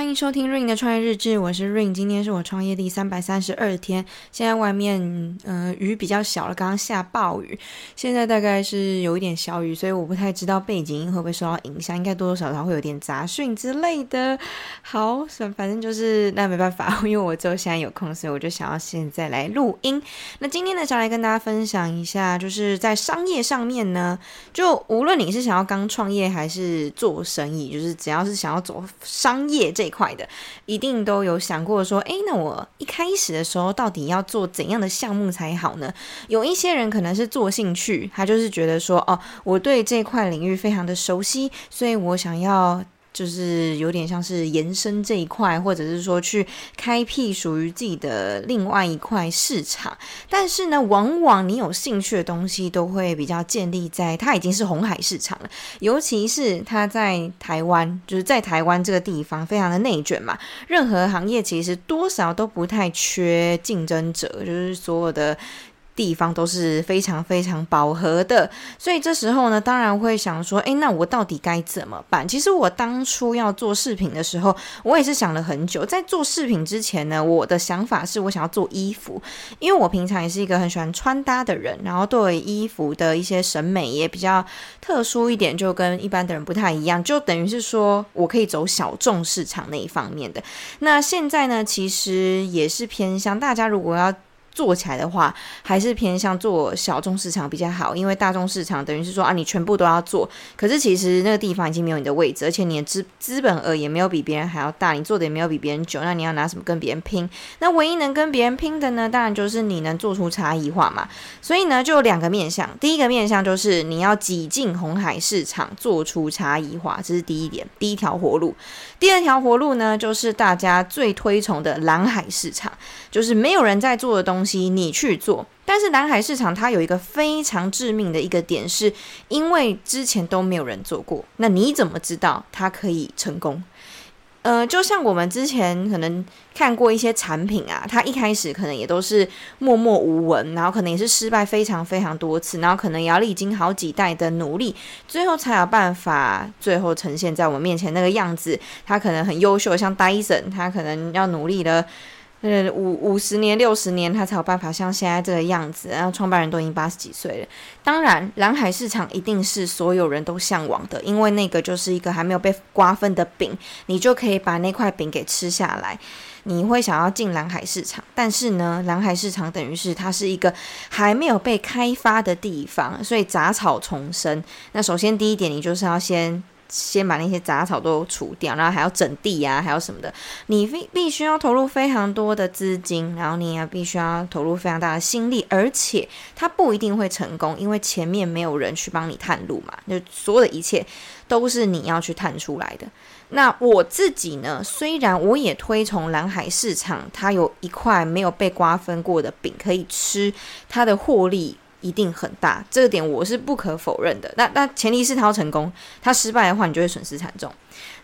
歡迎收聽 Ring 的創業日誌，我是 Ring，今天是我創業第三百三十二天。現在外面，嗯、呃，雨比較小了，剛剛下暴雨，現在大概是有一點小雨，所以我不太知道背景音會不會受到影響，應該多多少少會有點雜訊之類的。好，反正就是那沒辦法，因為我這現在有空，所以我就想要現在來錄音。那今天呢，想來跟大家分享一下，就是在商業上面呢，就無論你是想要剛創業還是做生意，就是只要是想要走商業這個塊的，一定都有想過說，哎，那我一開始的時候到底要做怎樣的項目才好呢？有一些人可能是做興趣，他就是覺得說，哦，我對這塊領域非常的熟悉，所以我想要。就是有點像是延伸這一塊，或者是說去開闢屬於自己的另外一塊市場。但是呢，往往你有興趣的東西都會比較建立在它已經是紅海市場了，尤其是它在台灣，就是在台灣這個地方非常的內捲嘛，任何行業其實多少都不太缺競爭者，就是所有的。地方都是非常非常飽和的，所以這時候呢，當然會想說，哎、欸，那我到底該怎麼辦？其實我當初要做飾品的時候，我也是想了很久。在做飾品之前呢，我的想法是我想要做衣服，因為我平常也是一個很喜歡穿搭的人，然後對衣服的一些審美也比較特殊一點，就跟一般的人不太一樣。就等於是說，我可以走小眾市場那一方面的。那現在呢，其實也是偏向大家如果要。做起來的話，還是偏向做小眾市場比較好，因為大眾市場等於是說啊，你全部都要做，可是其實那個地方已經沒有你的位置，而且你的資資本額也沒有比別人還要大，你做的也沒有比別人久，那你要拿什麼跟別人拼？那唯一能跟別人拼的呢，當然就是你能做出差異化嘛。所以呢，就兩個面向，第一個面向就是你要擠進紅海市場做出差異化，這是第一點，第一條活路。第二條活路呢，就是大家最推崇的藍海市場，就是沒有人在做的東西。你去做，但是藍海市場它有一個非常致命的一個點，是因為之前都沒有人做過，那你怎麼知道它可以成功？呃，就像我們之前可能看過一些產品啊，它一開始可能也都是默默無聞，然後可能也是失敗非常非常多次，然後可能也要歷經好幾代的努力，最後才有辦法最後呈現在我們面前那個樣子。它可能很優秀，像戴森，它可能要努力的。呃，五五十年、六十年，他才有辦法像現在這個樣子。然後創辦人都已經八十幾歲了。當然，藍海市場一定是所有人都向往的，因為那個就是一個還沒有被瓜分的餅，你就可以把那塊餅給吃下來。你會想要進藍海市場，但是呢，藍海市場等於是它是一個還沒有被開發的地方，所以雜草叢生。那首先第一點，你就是要先。先把那些雜草都除掉，然後還要整地呀、啊，還有什麼的，你必必須要投入非常多的資金，然後你也必須要投入非常大的心力，而且它不一定會成功，因為前面沒有人去幫你探路嘛，就所有的一切都是你要去探出來的。那我自己呢，雖然我也推崇藍海市場，它有一塊沒有被瓜分過的餅可以吃，它的獲利。一定很大，這個點我是不可否認的。那那前提是他要成功，他失敗的話，你就會損失慘重。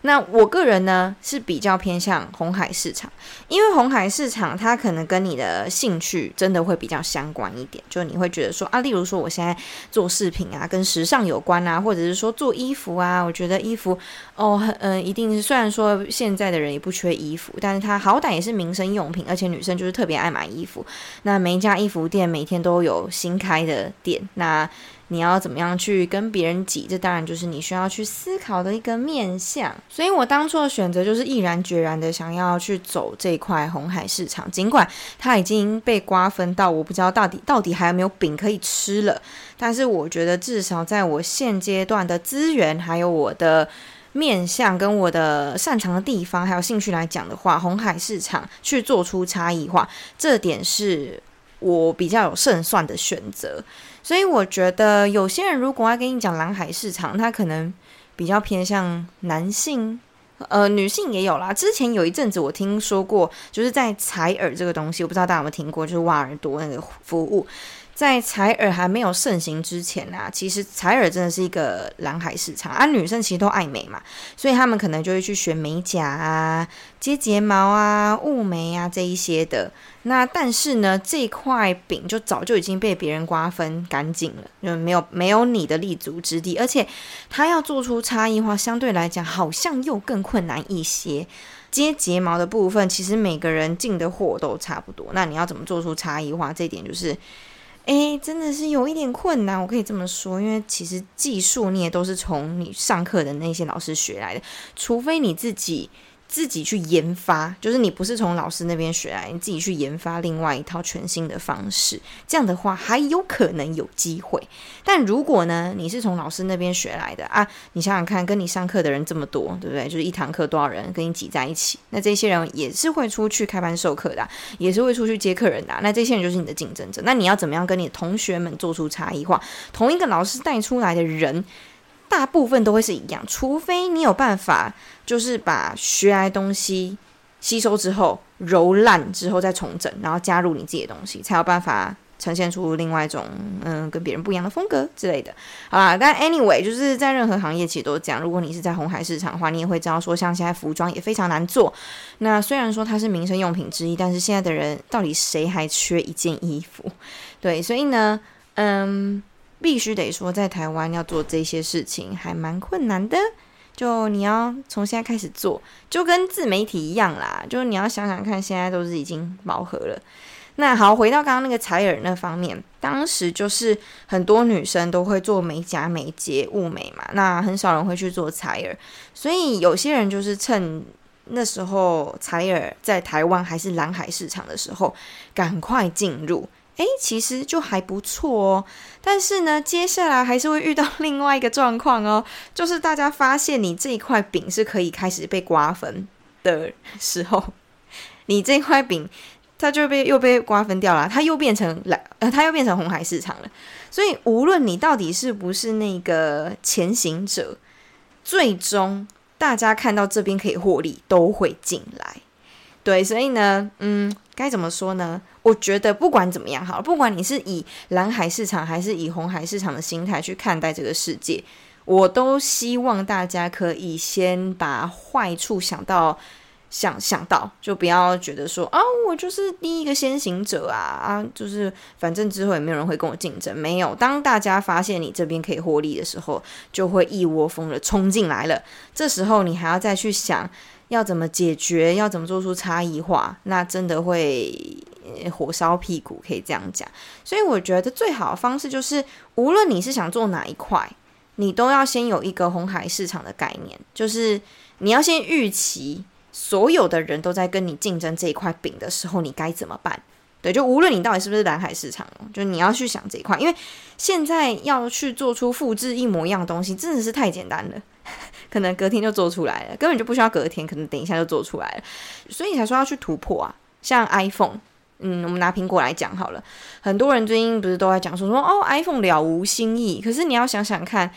那我個人呢，是比較偏向紅海市場，因為紅海市場它可能跟你的興趣真的會比較相關一點，就你會覺得說啊，例如說我現在做飾品啊，跟時尚有關啊，或者是說做衣服啊，我覺得衣服哦，嗯、呃，一定是雖然說現在的人也不缺衣服，但是他好歹也是民生用品，而且女生就是特別愛買衣服，那每一家衣服店每天都有新開的店，那。你要怎麼樣去跟別人擠？這當然就是你需要去思考的一個面向。所以我當初的選擇就是毅然決然的想要去走這塊紅海市場，儘管它已經被瓜分到，我不知道到底到底還有沒有餅可以吃了。但是我覺得至少在我現階段的資源，還有我的面向跟我的擅長的地方，還有興趣來講的話，紅海市場去做出差異化，這點是我比較有勝算的選擇。所以我覺得，有些人如果要跟你講藍海市場，他可能比較偏向男性，呃，女性也有啦。之前有一陣子我聽說過，就是在采耳這個東西，我不知道大家有沒有聽過，就是挖耳朵那個服務。在採耳還沒有盛行之前啊，其實採耳真的是一個藍海市場啊。女生其實都愛美嘛，所以她們可能就會去學美甲啊、接睫毛啊、霧眉啊這一些的。那但是呢，這塊餅就早就已經被別人瓜分乾淨了，就沒有沒有你的立足之地。而且，他要做出差異化，相對來講好像又更困難一些。接睫毛的部分，其實每個人進的貨都差不多，那你要怎麼做出差異化？這一點就是。哎、欸，真的是有一點困難，我可以這麼說，因為其實技術你也都是從你上課的那些老師學來的，除非你自己。自己去研發，就是你不是從老師那邊學來，你自己去研發另外一套全新的方式。這樣的話還有可能有機會。但如果呢，你是從老師那邊學來的啊，你想想看，跟你上課的人這麼多，對不對？就是一堂課多少人跟你擠在一起，那這些人也是會出去開班授課的啊，也是會出去接客人的啊。那這些人就是你的競爭者。那你要怎麼樣跟你同學們做出差異化？同一個老師帶出來的人，大部分都會是一樣，除非你有辦法。就是把學來的東西吸收之後揉爛之後再重整，然後加入你自己的東西，才有辦法呈現出另外一種嗯，跟別人不一樣的風格之類的。好啦，但 anyway，就是在任何行業其實都講，如果你是在紅海市場的話，你也會知道說，像現在服裝也非常難做。那雖然說它是民生用品之一，但是現在的人到底誰還缺一件衣服？對，所以呢，嗯，必須得說，在台灣要做這些事情還蠻困難的。就你要從現在開始做，就跟自媒體一樣啦。就是你要想想看，現在都是已經飽和了。那好，回到剛剛那個採耳那方面，當時就是很多女生都會做美甲、美睫、霧眉嘛，那很少人會去做採耳。所以有些人就是趁那時候採耳在台灣還是藍海市場的時候，趕快進入。誒，其實就還不錯哦。但是呢，接下來還是會遇到另外一個狀況哦，就是大家發現你這一塊餅是可以開始被瓜分的時候，你這塊餅它就被又被瓜分掉了，它又變成藍，呃，它又變成紅海市場了。所以無論你到底是不是那個前行者，最終大家看到這邊可以獲利，都會進來。對，所以呢，嗯，該怎麼說呢？我覺得不管怎麼樣，好，不管你是以藍海市場還是以紅海市場的心態去看待這個世界，我都希望大家可以先把壞處想到想想到，就不要覺得說啊，我就是第一個先行者啊啊，就是反正之後也沒有人會跟我競爭。沒有，當大家發現你這邊可以獲利的時候，就會一窩蜂的衝進來了。這時候你還要再去想要怎麼解決，要怎麼做出差異化，那真的會。火燒屁股可以這樣講，所以我覺得最好的方式就是，無論你是想做哪一塊，你都要先有一個紅海市場的概念，就是你要先預期所有的人都在跟你競爭這一塊餅的時候，你該怎麼辦？對，就無論你到底是不是藍海市場，就你要去想這一塊，因為現在要去做出複製一模一樣東西，真的是太簡單了，可能隔天就做出來了，根本就不需要隔天，可能等一下就做出來了，所以你才說要去突破啊，像 iPhone。嗯，我們拿蘋果來講好了。很多人最近不是都在講說說哦，iPhone 了無新意。可是你要想想看，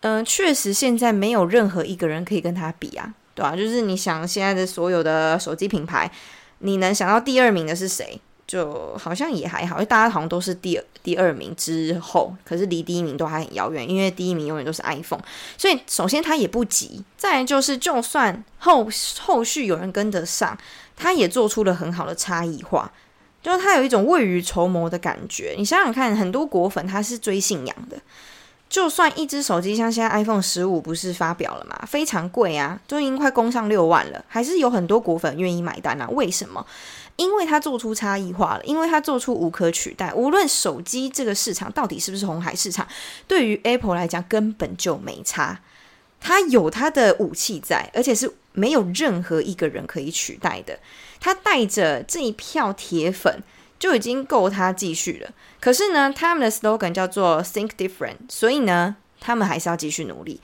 嗯、呃，確實現在沒有任何一個人可以跟他比啊，對啊，就是你想現在的所有的手機品牌，你能想到第二名的是誰？就好像也還好，因為大家好像都是第二第二名之後，可是離第一名都還很遙遠。因為第一名永遠都是 iPhone，所以首先他也不急。再來就是，就算後後續有人跟得上，他也做出了很好的差異化。就是它有一種未雨綢繆的感覺。你想想看，很多果粉他是追信仰的，就算一隻手機像現在 iPhone 十五不是發表了嘛，非常貴啊，都已經快攻上六萬了，還是有很多果粉願意買單啊？為什麼？因為它做出差異化了，因為它做出無可取代。無論手機這個市場到底是不是紅海市場，對於 Apple 來講根本就沒差。他有他的武器在，而且是沒有任何一個人可以取代的。他帶着這一票鐵粉就已經夠他繼續了。可是呢，他們的 slogan 叫做 Think Different，所以呢，他們還是要繼續努力，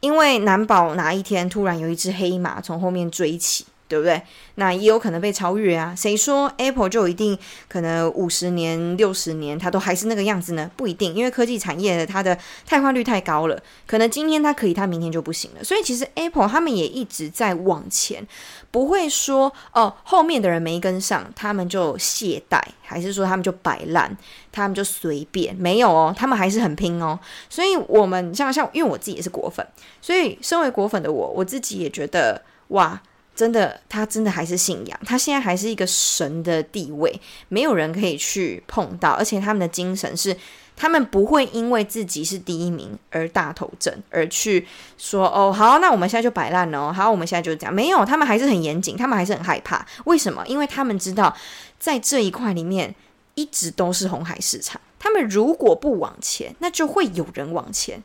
因為難保哪一天突然有一隻黑馬從後面追起。對不對？那也有可能被超越啊！誰說 Apple 就一定可能五十年、六十年它都還是那個樣子呢？不一定，因為科技產業的它的汰換率太高了，可能今天它可以，它明天就不行了。所以其實 Apple 他們也一直在往前，不會說哦，後面的人沒跟上，他們就懈怠，還是說他們就擺爛，他們就隨便？沒有哦，他們還是很拼哦。所以我們像像，因為我自己也是果粉，所以身為果粉的我，我自己也覺得哇。真的，他真的還是信仰，他現在還是一個神的地位，沒有人可以去碰到。而且他們的精神是，他們不會因為自己是第一名而大頭症，而去說哦好，那我們現在就擺爛哦，好，我們現在就這樣。沒有，他們還是很嚴謹，他們還是很害怕。為什麼？因為他們知道，在這一塊裡面一直都是紅海市場，他們如果不往前，那就會有人往前。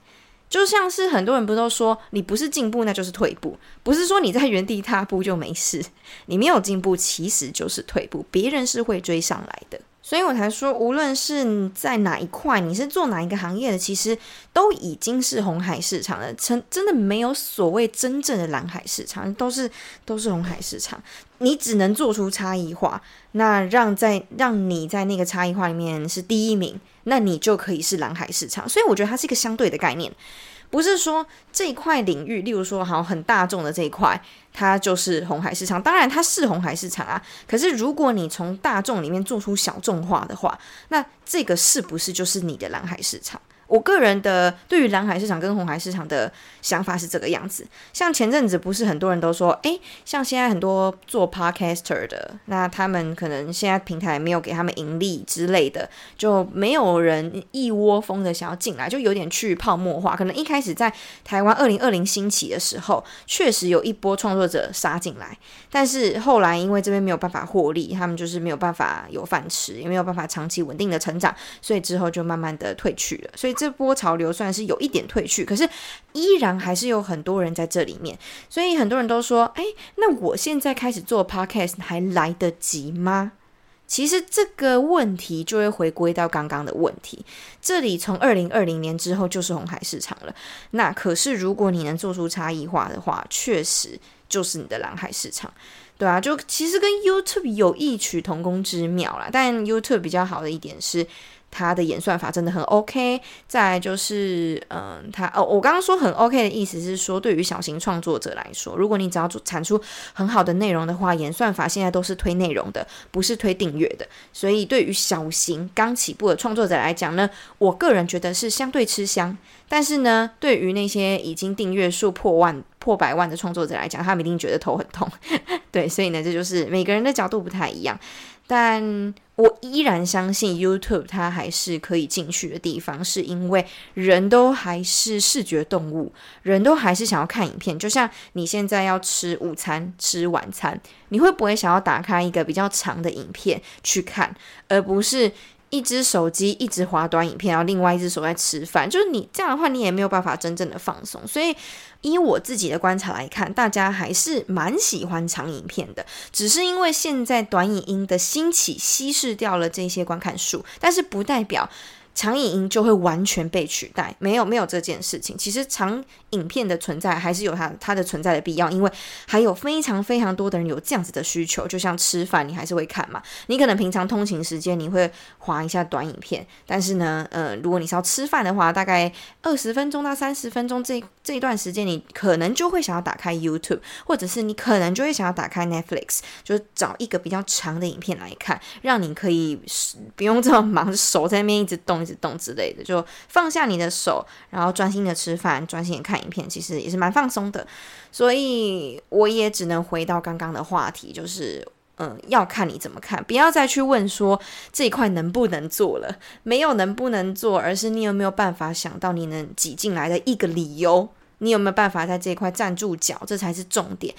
就像是很多人不都說，你不是進步，那就是退步，不是說你在原地踏步就沒事，你沒有進步其實就是退步，別人是會追上來的。所以我才說，無論是在哪一塊，你是做哪一個行業的，其實都已經是紅海市場了，真真的沒有所謂真正的藍海市場，都是、都是紅海市場，你只能做出差異化，那讓在讓你在那個差異化裡面是第一名。那你就可以是藍海市場，所以我覺得它是一個相對的概念，不是說這一塊領域，例如說好，很大眾的這一塊，它就是紅海市場。當然它是紅海市場啊，可是如果你從大眾裡面做出小眾化的話，那這個是不是就是你的藍海市場？我個人的對於藍海市場跟紅海市場的想法是這個樣子。像前陣子不是很多人都說，誒，像現在很多做 Podcaster 的，那他們可能現在平台沒有給他們盈利之類的，就沒有人一窩蜂的想要進來，就有點去泡沫化。可能一開始在台灣二零二零興起的時候，確實有一波創作者殺進來，但是後來因為這邊沒有辦法獲利，他們就是沒有辦法有飯吃，也沒有辦法長期穩定的成長，所以之後就慢慢的退去了。所以。這波潮流算是有一點退去，可是依然還是有很多人在這裡面，所以很多人都說：“哎、欸，那我現在開始做 podcast 還來得及嗎？”其實這個問題就會回歸到剛剛的問題。這裡從二零二零年之後就是紅海市場了。那可是如果你能做出差異化的話，確實就是你的藍海市場，對啊，就其實跟 YouTube 有異曲同工之妙啦。但 YouTube 比較好的一點是，他的演算法真的很 OK。再來就是，嗯，他哦，我剛剛說很 OK 的意思是說，對於小型創作者來說，如果你只要產出很好的內容的話，演算法現在都是推內容的，不是推訂閱的。所以，對於小型剛起步的創作者來講呢，我個人覺得是相對吃香。但是呢，對於那些已經訂閱數破萬、破百萬的創作者來講，他們一定覺得頭很痛。 對，所以呢，這就是每個人的角度不太一樣。但我依然相信 YouTube，它還是可以進去的地方，是因為人都還是視覺動物，人都還是想要看影片。就像你現在要吃午餐、吃晚餐，你會不會想要打開一個比較長的影片去看，而不是？一隻手機一直滑短影片，然後另外一隻手在吃飯，就是你這樣的話，你也沒有辦法真正的放鬆。所以，以我自己的觀察來看，大家還是蠻喜歡長影片的，只是因為現在短影音的興起，稀釋掉了這些觀看數，但是不代表。長影音就會完全被取代？沒有，沒有這件事情。其實長影片的存在還是有它的它的存在的必要，因為還有非常非常多的人有這樣子的需求。就像吃飯，你還是會看嘛？你可能平常通勤時間你會滑一下短影片，但是呢，呃，如果你是要吃飯的話，大概二十分鐘到三十分鐘，這這一段時間，你可能就會想要打開 YouTube，或者是你可能就會想要打開 Netflix，就是找一個比較長的影片來看，讓你可以不用這麼忙，手在那邊一直動。動之類的，就放下你的手，然後專心的吃飯，專心的看影片，其實也是蠻放鬆的。所以我也只能回到剛剛的話題，就是嗯，要看你怎麼看，不要再去問說這一塊能不能做了，沒有能不能做，而是你有沒有辦法想到你能擠進來的一個理由，你有沒有辦法在這一塊站住腳，這才是重點。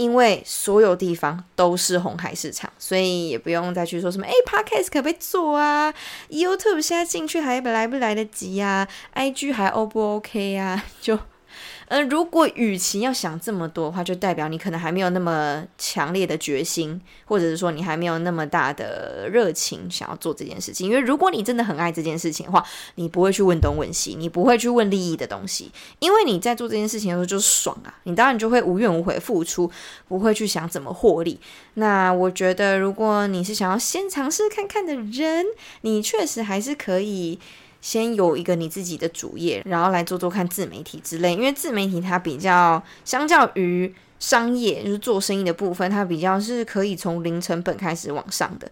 因為所有地方都是紅海市場，所以也不用再去說什麼哎、欸，Podcast 可不可以做啊？YouTube 現在進去還來不來得及呀，啊？IG 還 O 不 OK 呀，啊？就。嗯、呃，如果與其要想這麼多的話，就代表你可能還沒有那麼強烈的決心，或者是說你還沒有那麼大的熱情想要做這件事情。因為如果你真的很愛這件事情的話，你不會去問東問西，你不會去問利益的東西，因為你在做這件事情的時候就是爽啊，你當然就會無怨無悔付出，不會去想怎麼獲利。那我覺得，如果你是想要先嘗試看看的人，你確實還是可以。先有一個你自己的主業，然後來做做看自媒體之類，因為自媒體它比較相較於商業，就是做生意的部分，它比較是可以從零成本開始往上的。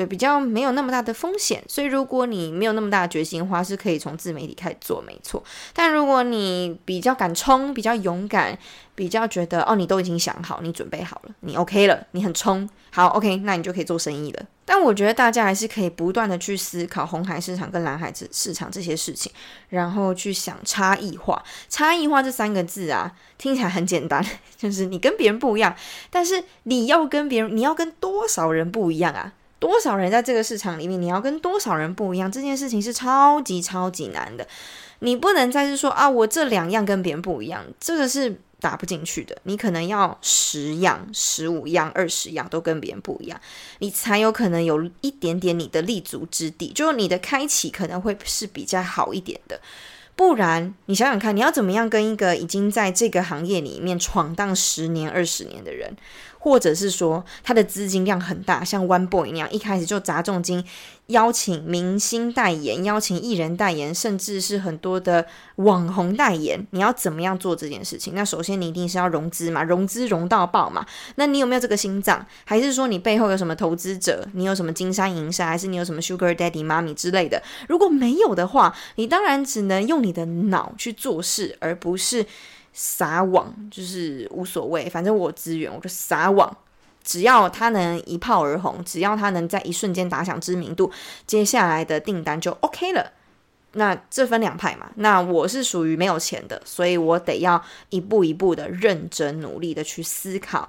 對，比較沒有那麼大的風險，所以如果你沒有那麼大的決心的話，是可以從自媒體開始做，沒錯。但如果你比較敢衝，比較勇敢，比較覺得哦，你都已經想好，你準備好了，你 OK 了，你很衝，好 OK，那你就可以做生意了。但我覺得大家還是可以不斷的去思考紅海市場跟藍海市場這些事情，然後去想差異化。差異化這三個字啊，聽起來很簡單，就是你跟別人不一樣，但是你要跟別人，你要跟多少人不一樣啊？多少人在這個市場裡面，你要跟多少人不一樣，這件事情是超級超級難的。你不能再是說啊，我這兩樣跟別人不一樣，這個是打不進去的。你可能要十樣、十五樣、二十樣都跟別人不一樣，你才有可能有一點點你的立足之地，就是你的開啟可能會是比較好一點的。不然，你想想看，你要怎麼樣跟一個已經在這個行業裡面闖蕩十年、二十年的人，或者是說他的資金量很大，像 One Boy 一樣，一開始就砸重金。邀請明星代言，邀請藝人代言，甚至是很多的網紅代言，你要怎麼樣做這件事情？那首先你一定是要融資嘛，融資融到爆嘛。那你有沒有這個心臟？還是說你背後有什麼投資者？你有什麼金山銀山？還是你有什麼 Sugar Daddy、Mummy 之類的？如果沒有的話，你當然只能用你的腦去做事，而不是撒網，就是無所謂，反正我資源我就撒網。只要他能一炮而紅，只要他能在一瞬間打響知名度，接下來的訂單就 OK 了。那這分兩派嘛，那我是屬於沒有錢的，所以我得要一步一步的認真努力的去思考。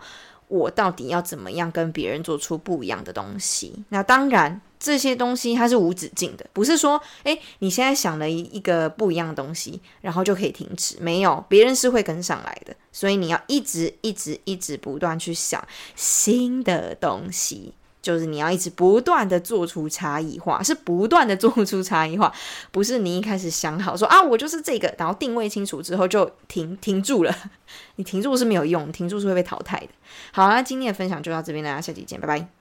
我到底要怎麼樣跟別人做出不一樣的東西？那當然，這些東西它是無止境的，不是說，誒，你現在想了一個不一樣的東西，然後就可以停止，沒有，別人是會跟上來的，所以你要一直、一直、一直不斷去想新的東西。就是你要一直不斷的做出差異化，是不斷的做出差異化，不是你一開始想好說啊，我就是這個，然後定位清楚之後就停停住了， 你停住是沒有用，停住是會被淘汰的。好，那今天的分享就到這邊，大家下期見，拜拜。